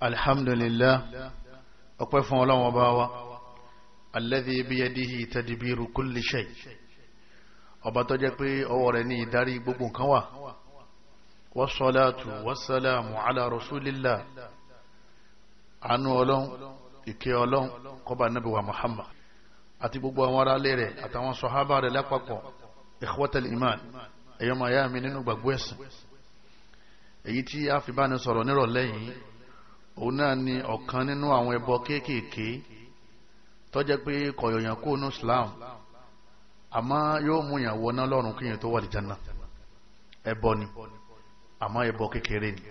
alhamdulillah ọpẹ́ fún ọlọ́wọ́ bá wa alladhi biyadihi tadbiru kulli shay ọba tó jẹ́ pé ọwọ́ rẹ̀ ní ìdarí gbogbo nǹkan wà wassalatu wassalamu ala rasulillah àánú ọlọ́n ìkẹ́ ọlọ́n kọba nabi wa muhammad àti gbogbo àwọn ará lé rẹ̀ àtàwọn sọ̀hábà rẹ̀ lápapọ̀ ikhwatal iman ẹ̀yọ́mọ̀ ayá mi nínú gbàgbọ́ ẹ̀sìn èyí tí a fi bá ní sọ̀rọ̀ nírọ̀lẹ́yìn òun náà ni ọ̀kan nínú àwọn ẹbọ kéékèèké tó pé kọ̀yọ̀yàn kó nu Islam àmọ́ yóò mú yàn wọ náà lọ́rùn kíyàn tó wà lè ẹbọ ni àmọ́ ẹbọ kékeré ni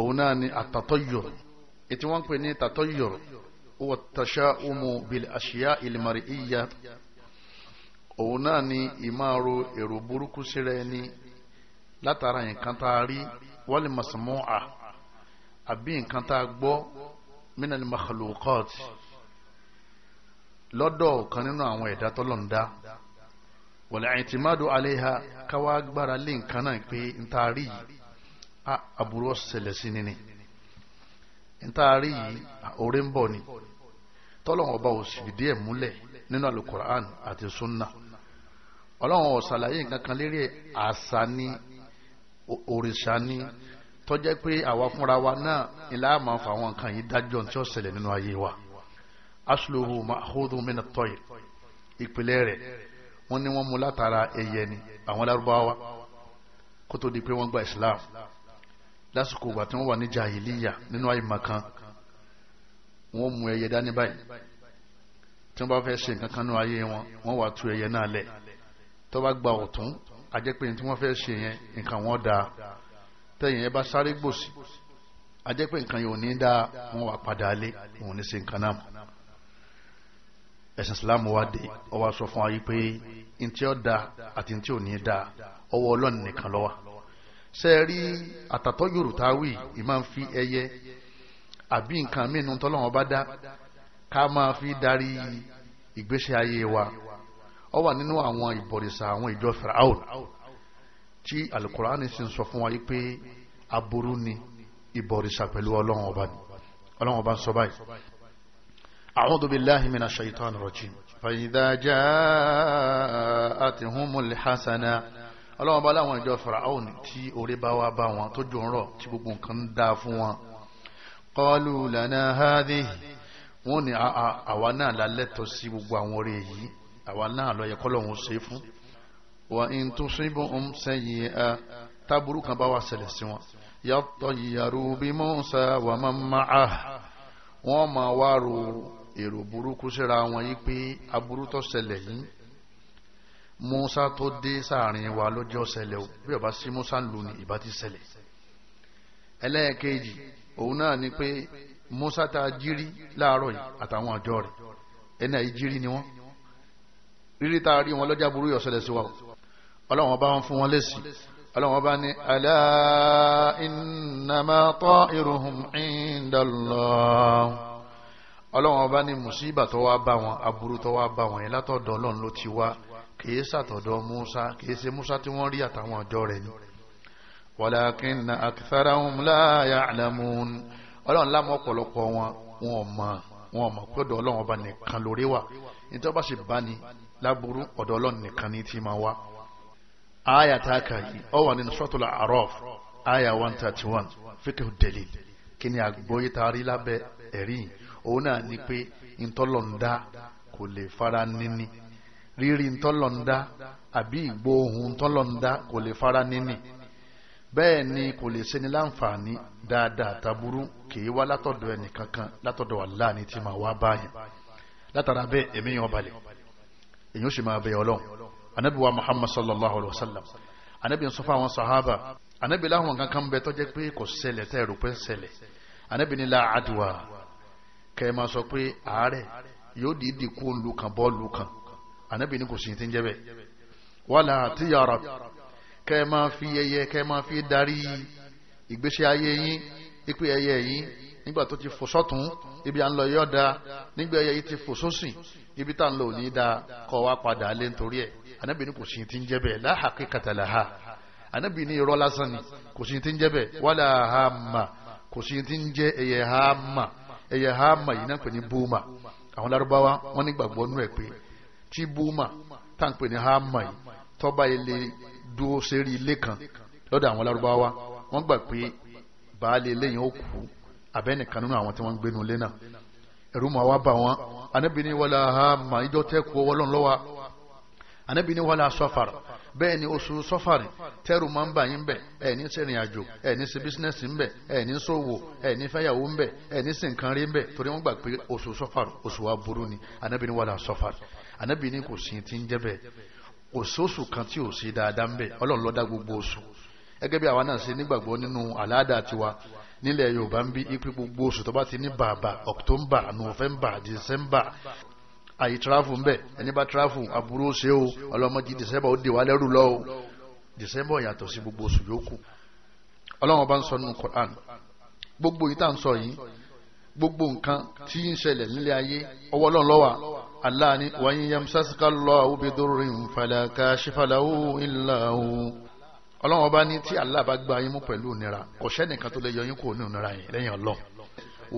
òun náà ni àtàtọ́yọ̀ ètí wọ́n ń pè ní tàtọ́yọ̀ huwa tasha'umu bil ashiya il mar'iyya òun náà ni ìmáàrò èrò burúkú látara nǹkan tá a rí àbí nǹkan tá a gbọ́ minal makhluqat lọ́dọ̀ kan nínú àwọn ẹ̀dá tọ́lọ́ǹda wala i'timadu alayha káwá gbára lé nǹkan náà pé n ta rí yìí aburú ọ̀sẹ̀lẹ̀ sí ni ni n ta rí yìí oore ń bọ̀ ni tọ́lọ́wọ́n ọba ò sì fìdí ẹ̀ múlẹ̀ nínú alukur'an àti sunna ọlọ́wọ́n ọ̀sàlàyé nǹkan kan lérí àṣà ni òrìṣà ni tó jẹ́ pé àwa fúnra wa náà ìlà àmà fà àwọn nǹkan yìí dájọ́ tí ó ṣẹlẹ̀ nínú ayé wa asluhu ma'khudhu min at-tayr ìpìlẹ̀ rẹ̀ wọ́n ní wọ́n mú látara ẹyẹ ni àwọn lárúbáwá kó tó di pé wọ́n gba islam lásìkò ìgbà tí wọ́n wà ní jahiliya nínú àyèmọ̀ kan wọ́n mú ẹyẹ dání báyìí tí wọ́n bá fẹ́ ṣe nǹkan kan nínú ayé wọn wọ́n wà tú ẹyẹ náà lẹ̀ tó bá gba ọ̀tún àjẹpẹ́ tí wọ́n fẹ́ ṣe yẹn nǹkan wọn dáa tẹ́yìn ẹ bá sáré gbòsì ajẹ́ pé nǹkan yóò ní dáa wọn wà padà lé òun ní ṣe nǹkan náà ẹ̀sìn wa dé ó sọ fún wa yìí pé ntí ó da àti ntí ò ní da ọwọ́ Ọlọ́run nìkan ló wà ṣe rí àtàtọ́ yorùbá wì í máa ń fi ẹyẹ àbí nǹkan mìíràn tọ́lọ́wọ́n bá dá ká máa fi darí ìgbésí ayé wa ó wà nínú àwọn ìbọ̀rìṣà àwọn ìjọ Fáráò tí alukurani sì ń sọ fún wa yìí pé aburú ni ìbọ̀rìṣà pẹ̀lú ọlọ́run ọba ni ọlọ́run ọba ń sọ báyìí. أعوذ بالله من الشيطان الرجيم فإذا جاءتهم الحسنة ọlọ́wọ́n bá láwọn ìjọ faraon tí orí bá wá bá wọn tó jọ ń rọ̀ tí gbogbo nǹkan dá fún wọn qalu lana hadhihi wọ́n ní àwa náà lálẹ́tọ̀ sí gbogbo àwọn orí èyí àwa náà ló yẹ kọ́lọ́hún ṣe fún وإن تصبهم سيئة تبرك بواسل سوى يطيروا بموسى ومن معه وما واروا èrò burúkú síra wọn yí pé aburú tó ṣẹlẹ̀ yìí Musa tó dé sáàrin wa lọ́jọ́ ṣẹlẹ̀ o bí ọba sí Musa ń lù ní ìbá ti ṣẹlẹ̀ ẹlẹ́ẹ̀kejì òun náà ni pé Musa ta jírí láàárọ̀ yìí àtàwọn àjọ rẹ̀ ẹni àyí jírí ni wọ́n rírí tá a rí wọn lọ́jà burú yọ̀ ṣẹlẹ̀ sí wa o ọlọ́run ọba wọn fún wọn lésì ọlọ́run ọba ní alá innama ta'iruhum indallah ọlọ́run ọba ní mùsíbà tó wá bá wọn aburú tó wá bá wọn yìí látọ̀dọ̀ ọlọ́run ló ti wá kìí sàtọ̀dọ̀ Musa kìí ṣe Musa tí wọ́n rí àtàwọn ọjọ́ rẹ̀ ni walakinna aktharahum la ya'lamun ọlọ́run lámọ́ ọ̀pọ̀lọpọ̀ wọn wọn mọ̀ wọn mọ̀ pé ọ̀dọ̀ ọlọ́run ọba nìkan lórí wà nítorí bá bá ní láburú ọ̀dọ̀ ọlọ́run nìkan ní ti máa wá aya ta kà yìí ọ wà nínú suratul A'raf aya one thirty one fíkẹ́ dalil kí ni àgbóyè tá a rí lábẹ́ ẹ̀rí òun náà ni pé ntọ́lọ́ndá kò lè fara níní rírí ntọ́lọ́ndá àbí ìgbóhùn ntọ́lọ́ndá kò lè fara níní bẹ́ẹ̀ ni kò lè ṣeni láǹfààní dáadáa taburú kìí wá látọ̀dọ̀ ẹnì kankan látọ̀dọ̀ ni tí máa wá báyìí látara bẹ́ẹ̀ èmi yàn balẹ̀ èyí ó sì máa bẹ Ọlọ́run anabi wa muhammad sallallahu alayhi wa sallam anabi ń sọ fún àwọn sahaba anabi láwọn kankan bẹ tó jẹ́ pé kò ṣẹlẹ̀ tẹ́ ẹ̀rù pé ṣẹlẹ̀ anabi ní la adwa kẹ́ ẹ máa pé àárẹ̀ yóò dìídì kú òǹlù kan bọ́ọ̀lù kan anabi ní kò sí ti ń jẹ́ bẹ́ẹ̀ wàlà àtìyàrá fi ẹyẹ kẹ́ fi darí ìgbésí ayé yín ipe nígbà tó ti fò sọ́tún ibi à ń lọ yọ da nígbà ẹyẹ yìí ti fò sósì ibi tá à ń lọ òní da kọ́ wa padà lé nítorí ẹ̀ ànábì ní kò sí ti ń jẹ́ bẹ́ẹ̀ la haqiqata laha ànábì ní irọ́ lásán ni kò sí ti ń jẹ́ bẹ́ẹ̀ wala hama kò sí ti ń jẹ́ ẹyẹ hama ẹyẹ hama yìí náà pè ní búma àwọn lárúbáwá wọn nígbàgbọ́ nú ẹ̀ pé tí búma tá à ń pè ní hama yìí tọ́ba ilé dúró sérí ilé kan lọ́dọ̀ àwọn lárúbáwá wọ́n gbà pé baálé lẹ́yìn ó kú abẹ́nìkan nínú àwọn tí wọ́n ń gbénu lé náà ẹ̀rú màá wá bà wọ́n anábì ní wàlá ha mà ìjọ tẹ́kù ọwọ́ lọ́n lọ́wọ́ anábì ní wàlá sọ́fàr bẹ́ẹ̀ ni oṣù sọ́fàr tẹ́rù máa ń bà yín bẹ̀ ẹ̀ ní sẹ́rìn àjò ẹ̀ ní bísínẹ́sì ń bẹ̀ ẹ̀ ní sòwò fẹ́yàwó ń bẹ̀ ẹ̀ ní sìnkan rí ń bẹ̀ torí wọ́n gbà pé oṣù sọ́fàr oṣù wa burú ni anábì ní wàlá sọ́fàr anábì ní kò sí ti ń jẹ́ bẹ́ẹ̀ kò sóṣù kan tí ò sí dáadáa ń bẹ̀ ọlọ́run ló dá gbogbo oṣù gẹ́gẹ́ bí àwa náà ṣe nígbàgbọ́ nínú àláàdá tiwa nílẹ̀ yorùbá ń bí ipe gbogbo oṣù tó bá ti ní bàbà october november december àyè tirafu ń bẹ ẹni bá tirafu aburú ṣe o ọlọ́mọdé december ó dè wá lẹ́rù lọ december yàtọ̀ sí gbogbo oṣù yòókù ọlọ́wọ́n bá ń sọ nínú quran gbogbo yìí tá à ń sọ yìí gbogbo nǹkan tí ń ṣẹlẹ̀ nílé ayé ọwọ́ ọlọ́run ló wà Allah ni wa in yamsaska Allahu bidurrin fala kashifa lahu illa hu ọlọ́run ọba ní tí Allah bá gba yín mú pẹ̀lú ìnira kò sẹ́nìkan tó lè yọ yín kó ní ìnira yẹn lẹ́yìn ọlọ́run.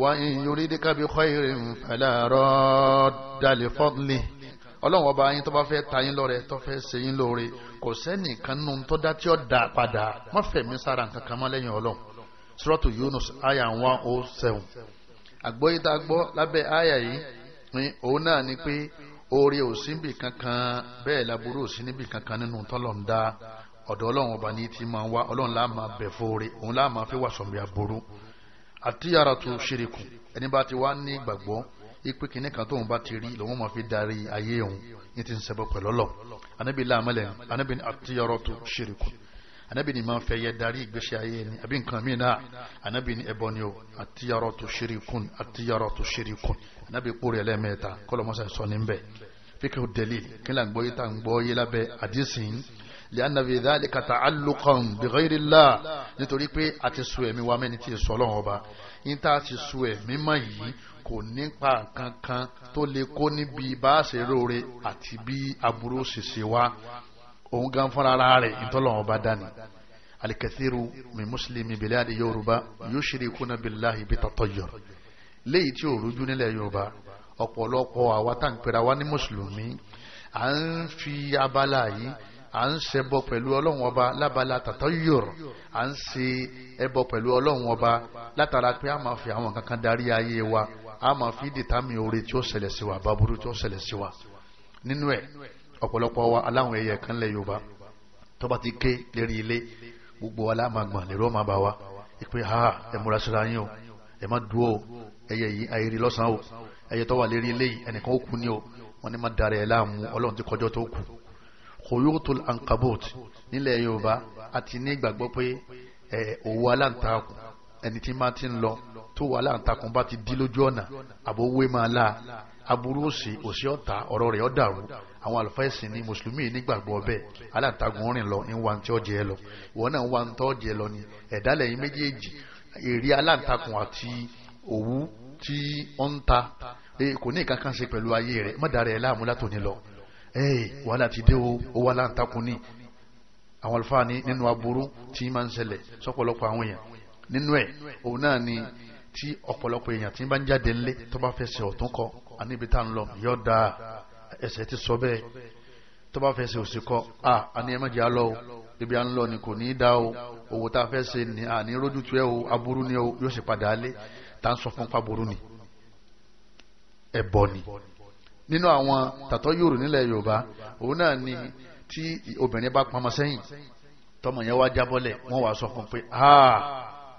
wa in yuridika bi khairin fala radda li fadli ọlọ́run ọba yín tó bá fẹ́ ta yín lọ́rẹ tó fẹ́ ṣe yín lóore kò sẹ́nìkan nù tó dá tí ó dà padà má fẹ̀mí sára nǹkan kan mọ́ lẹ́yìn ọlọ́run. suratu Yunus aya one oh seven àgbọ́yé tá a gbọ́ lábẹ́ aya yìí ni òun náà ni pé oore ò sí níbì kankan bẹ́ẹ̀ laburú ò sí níbì kankan nínú tọ́lọ̀ ń dá ọ̀dọ̀ ọlọ́run ọba ní ti máa ń wá ọlọ́run láà máa bẹ̀ fóore òun láà máa fi wà sọ̀mí aburú àti yàrá tó ṣirikù ẹni bá ti wá ní ìgbàgbọ́ ipe kìíní kan tóun bá ti rí lòun máa fi darí ayé òun ní ti ń ṣẹbọ pẹ̀lú ọlọ́ anábì láàmúlẹ̀ anábì àti yàrá tó ṣirikù anábì ni máa fẹ́ yẹ darí ìgbésí ayé ni àbí nǹkan míì náà anábì ni ẹbọ ni o àti yàrá tó ṣirikù àti yàrá tó ṣirikù anábì kúrò ẹlẹ́mẹ̀ẹ́ta kọ́lọ́mọ́sá sọ ní bẹ́ẹ̀ fíkẹ́ òdẹ́lì li'anna fi dhalika ta'alluqan bi ghayri Allah nítorí pé a ti so ẹ̀mí wa mẹ́ni tí ì sọ ọlọ́run ọba yín tá a ti so ẹ̀mí mọ́ yìí kò nípa nǹkan kan tó lè kó níbi bá a ṣe róore àti bí aburú ṣèṣe wa òun gan fúnra rẹ̀ ìtọ́lọ́run ọba dání. alikathiru min muslimi biladi yorùbá yushrikuna billahi bitatayyur léyìí tí ò rújú nílẹ̀ yorùbá ọ̀pọ̀lọpọ̀ àwa tá à ń pera wa ní mùsùlùmí à ń fi abala yìí à ń ṣẹbọ pẹ̀lú ọlọ́run ọba lábala tatayyur à ń ṣe ẹbọ pẹ̀lú ọlọ́run ọba látara pé a máa fi àwọn kankan darí ayé wa a máa fi dìtàmì oore tí ó ṣẹlẹ̀ sí wa bàbúrú tí ó ṣẹlẹ̀ sí wa nínú ẹ̀ ọ̀pọ̀lọpọ̀ wa aláwọn ẹyẹ kan lẹ̀ yorùbá tó ti ké lérí ilé gbogbo wa lámàgbọ̀n lérò ọmọ bá wa ìpè ha ẹ múra síra yín o ẹ má dúró o ẹyẹ yìí ayẹri lọ́sàn-án o ẹyẹ tó wà lérí ilé yìí ẹnìkan ó kú ní o wọ́n ní má darẹ̀ ẹ̀ láàmú ọlọ́run ti kọjọ́ tó kù kòyótó ankabot nílẹ̀ yorùbá àti ní ìgbàgbọ́ pé òwò aláǹtakùn ẹni tí máa ti ń lọ tó wà aláǹtakùn bá ti dí lójú ọ̀nà àbówé máa la aburú òsì òsì ọ̀tá ọ̀rọ̀ rẹ̀ ọ̀dàrú àwọn àlùfáà ẹ̀sìn ní mùsùlùmí nígbàgbọ́ bẹ́ẹ̀ aláǹtakùn rìn lọ ń wa ti ọ̀jẹ̀ ẹ lọ ìwọ náà ń wa ti ọ̀jẹ̀ lọ ni ẹ̀dá lẹ́yìn méjèèjì èrè aláǹtakùn àti òwú tí ó ń ta e, kò ní ìkankan ṣe pẹ̀lú ayé rẹ̀ mọ́dàrẹ́ ẹ̀ láàmú látòní lọ ee wàhálà ti dé o ó wà láǹtakùn ni àwọn àlùfáà ní nínú aburú tí máa ń ṣẹlẹ̀ sọ́pọ̀lọpọ̀ àwọn èèyàn nínú ẹ̀ òun náà ni tí ọ̀pọ̀lọpọ̀ èèyàn tí bá ń jáde ńlé tó bá fẹsẹ̀ ọ̀tún kọ àníbi tá à ń lọ yọ̀ da ẹsẹ̀ ti sọ bẹ́ẹ̀ tó bá fẹsẹ̀ òsì kọ à àní ẹ̀ má jẹ́ o ibi à ń lọ ni kò ní í dá o òwò tá a fẹ́ ṣe ni àní rójú tu ẹ o aburú ni o yóò sì padà alé tá à ń sọ fún pàbórú ni ẹ̀bọ ni nínú àwọn tàtọ́ yòrò nílẹ̀ yorùbá òun náà ni tí obìnrin bá pamọ́ sẹ́yìn tọmọ yẹn wá jábọ́lẹ̀ wọ́n wá sọ fún pé aa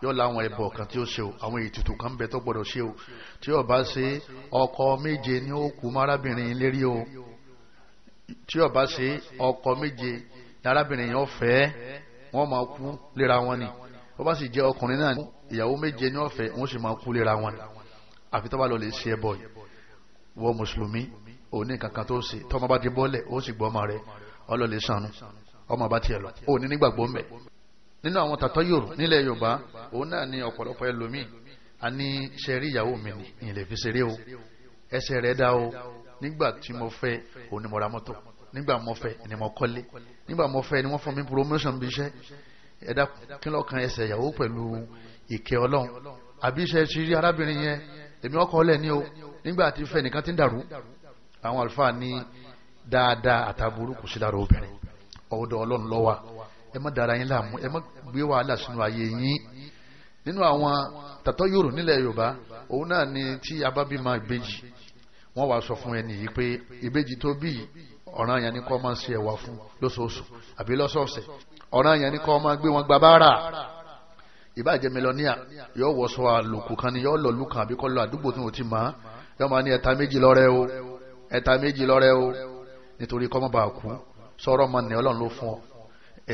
yóò láwọn ẹbọ kan tí ó ṣe o àwọn ètùtù kan bẹ tó gbọdọ̀ ṣe o tí ó bá ṣe ọkọ méje ni ó kú márábìnrin lérí o tí ó bá ṣe ọkọ méje ni arábìnrin yẹn fẹ́ wọ́n máa kú léra wọn ni ó bá sì jẹ́ ọkùnrin náà ìyàwó méje ni ó wọ́n sì máa kú léra wọn àfi tó bá lọ lè ṣe ẹbọ yìí mùsùlùmí òní kankan tó ṣe tọ́mọ bá ti bọ́lẹ̀ ó sì gbọ́ ọmọ rẹ ọlọ́lẹ̀ sànú ọmọ bá tiẹ̀ lọ òní nígbàgbọ́ mbẹ nínú àwọn tàtọ́ yòrò nílẹ̀ yorùbá òun náà ní ọ̀pọ̀lọpọ̀ ẹlòmíì a ní sẹ́rí ìyàwó mi ní ìlè fi ṣeré o ẹsẹ̀ rẹ̀ dá o nígbà tí mo fẹ́ òní mo ra mọ́tò nígbà mo fẹ́ ni mo kọ́lé nígbà mo fẹ́ ni wọ́n fún mi promotion bí iṣẹ́ ẹ̀dá kílọ̀kan o nígbà tí fẹ́ nìkan àwọn àlùfáà ní dáadáa àtàbúrú kò sí lára obìnrin ọ̀dọ̀ ọlọ́run lọ́wà ẹ má dára yín láàmú ẹ má gbé wàhálà sínú ayé yín nínú àwọn tàtọ́ yòrò nílẹ̀ yorùbá òun náà ni tí abábímọ ìbejì wọ́n wàá sọ fún ẹni yìí pé ìbejì tó bí ọ̀ràn yẹn ni kó máa ṣe ẹ̀wà fún lóṣooṣù àbí lọ́sọ̀ọ̀sẹ̀ ọ̀ràn yẹn ni kó máa gbé wọn gba báárà ìbàjẹ́ mẹlọ́níà yóò wọ̀ sọ àlòkù kan ni yóò lọ lù àbí kọ́ lọ àdúgbò tí wọ́n ti máa yóò máa ní ẹ̀ta méjì lọ́rẹ́ o ẹ̀ta méjì lọ́rẹ́ o nítorí kọ́ mọ́ bá kú sọ̀rọ̀ mọ́ ni ọlọ́run ló fún ọ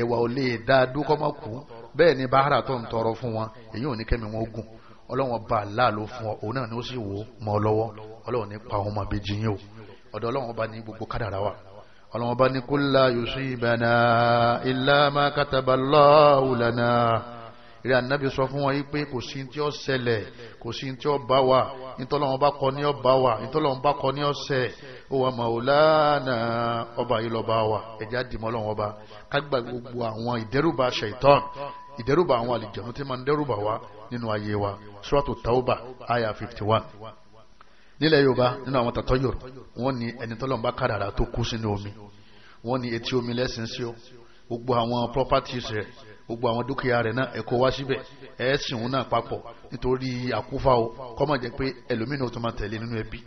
ẹ̀wà ò lè dá a dúkọ́ mọ́ kú bẹ́ẹ̀ ni bàárà tó ń tọrọ fún wọn èyí ò ní kẹ́mi wọn gùn ọlọ́run bá àlá ló fún ọ òun náà ni ó sì wò ó mọ́ ọ lọ́wọ́ ọlọ́run ní pa ọmọ ìbejì yín o ọ̀dọ̀ ọlọ́run bá ní gbogbo kádàrá wa ọlọ́run bá ní kulla yusibana illa ma kataballahu lana eré ànábì sọ fún wọn yí pé kò sí tí ó ṣẹlẹ̀ kò sí tí ó bá wa ìtọ́lọ́wọ́n bá kọ ní ó bá wa ìtọ́lọ́wọ́n bá kọ ní ó ṣẹ ó ọba yìí lọ́ba wa ẹ̀já dìmọ́ lọ́wọ́ ọba kágbà gbogbo àwọn ìdẹ́rùbà ṣaitan ìdẹ́rùbà àwọn àlìjẹ̀nu tí máa ń dẹ́rùbà wa nínú ayé wa suratu tauba aya fifty one nílẹ̀ yorùbá nínú àwọn tàtọ́ yorù wọ́n ní ẹni tọ́lọ́n bá kádàrà tó kú sínú omi wọ́n ní etí omi gbogbo àwọn dúkìá rẹ̀ náà ẹ kó wá síbẹ̀ ẹ sìn òun náà papọ̀ nítorí àkúfà o kó má jẹ́ pé ẹlòmínú tó máa tẹ̀lé nínú ẹbí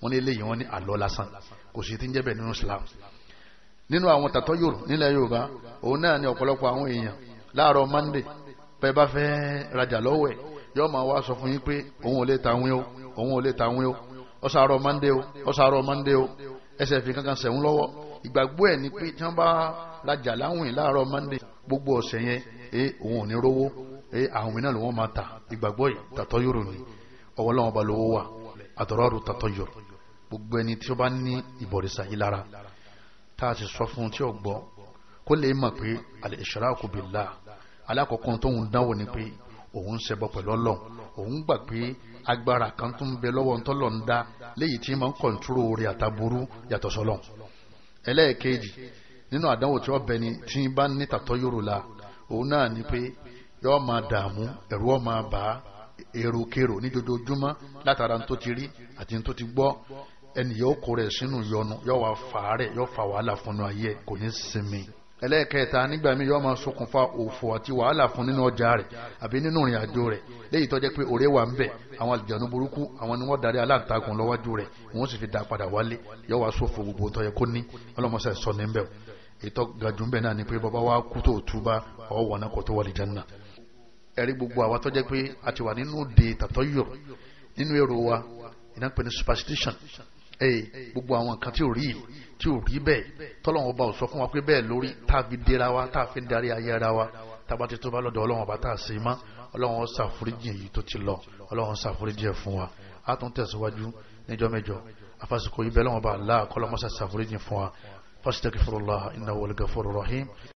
wọn ní eléyìí wọn ní àlọ́ lásán kò sì ti ń jẹ́bẹ̀ nínú Islam nínú àwọn tàtọ́ yòrò nílẹ̀ Yorùbá òun náà ní ọ̀pọ̀lọpọ̀ àwọn èèyàn láàárọ̀ mande pẹ́ bá fẹ́ rajà lọ́wọ́ ẹ̀ yóò máa wá sọ fún yín pé òun ò lè ta wín o òun ò lè ta wín o ọ̀sàárọ̀ mande o ọ̀sàárọ̀ mande o ẹsẹ̀ fi kankan sẹ̀wọ́n ni pé tí wọ́n bá rajà láwìn gbogbo ọ̀sẹ̀ yẹn ee òun ò ní rówó ee àwọn mìíràn ló wọ́n máa ta ìgbàgbọ́ yìí tàtọ́ yòrò ni ọwọ́ làwọn bá lówó wà àtọ̀rọ̀rù tàtọ́ yòrò gbogbo ẹni tí ó bá ní ìbọ̀rìṣà yìí lára tá a sì sọ fún un tí ó gbọ́ kó lè mọ̀ pé àlè ìṣàrákù billah alákọ̀ọ́kọ́ tó dánwò ni pé òun ṣẹbọ pẹ̀lú ọlọ́run òun gbà pé agbára kan tó ń bẹ lọ́wọ́ ntọ́lọ̀ ń dá léyìí tí máa ń kọ̀ǹtúrò orí àtàbúrú yàtọ̀ sọlọ́run ẹlẹ́ẹ̀kejì nínú àdánwò tí wọ́n bẹ ni tí n bá ní tàtọ́ la òun náà ni pé yọ́ máa dààmú ẹ̀rù ọ̀ máa bà á èrò kèrò ní dojoojúmọ́ látara tó ti rí àti tó ti gbọ́ ẹnì yóò kó rẹ̀ sínú yọnu yóò wá fà á rẹ̀ yóò fà wàhálà fún un ayé kò ní sinmi ẹlẹ́ẹ̀kẹta nígbà míì yóò máa ṣokùnfà òfò àti wàhálà fún nínú ọjà rẹ̀ àbí nínú ìrìn àjò rẹ̀ léyìí tó jẹ́ pé òré wà ń bẹ̀ àwọn àlùjànnú burúkú àwọn ni wọ́n darí aláǹtakùn lọ́wájú rẹ̀ wọ́n sì fi dá padà wálé yóò wá ṣòfò gbogbo tó kó ní ọlọ́mọṣẹ́ sọ ní ètò gàdúmbẹ̀ náà ni pé bàbá wa kú tó túbá ọwọ́ náà kò tó wọlé jẹ́nà ẹ̀rí gbogbo àwa tó pé a ti wà nínú de tàtọ́yọ̀ nínú èrò wa iná pè superstition ẹ̀yẹ gbogbo àwọn nǹkan tí ò rí tí ò rí bẹ́ẹ̀ tọ́lọ́wọ́n ọba ò sọ fún wa pé bẹ́ẹ̀ lórí tá a fi dera wa tá a fi darí ayé ara wa tába ti tó bá lọ́dọ̀ ọlọ́wọ́n ọba tá a sèé mọ́ ọlọ́wọ́n ṣàforíjì èyí tó ti lọ ọlọ́wọ́n ṣàforíjì ẹ̀ fún wa a tún tẹ̀síwájú níjọ́ mẹ́jọ afásitì kò yí bẹ́ẹ̀ lọ́wọ́n ọba àlá kọ́lọ́mọ́sà fún wa فاستغفر الله إنه هو الغفور الرحيم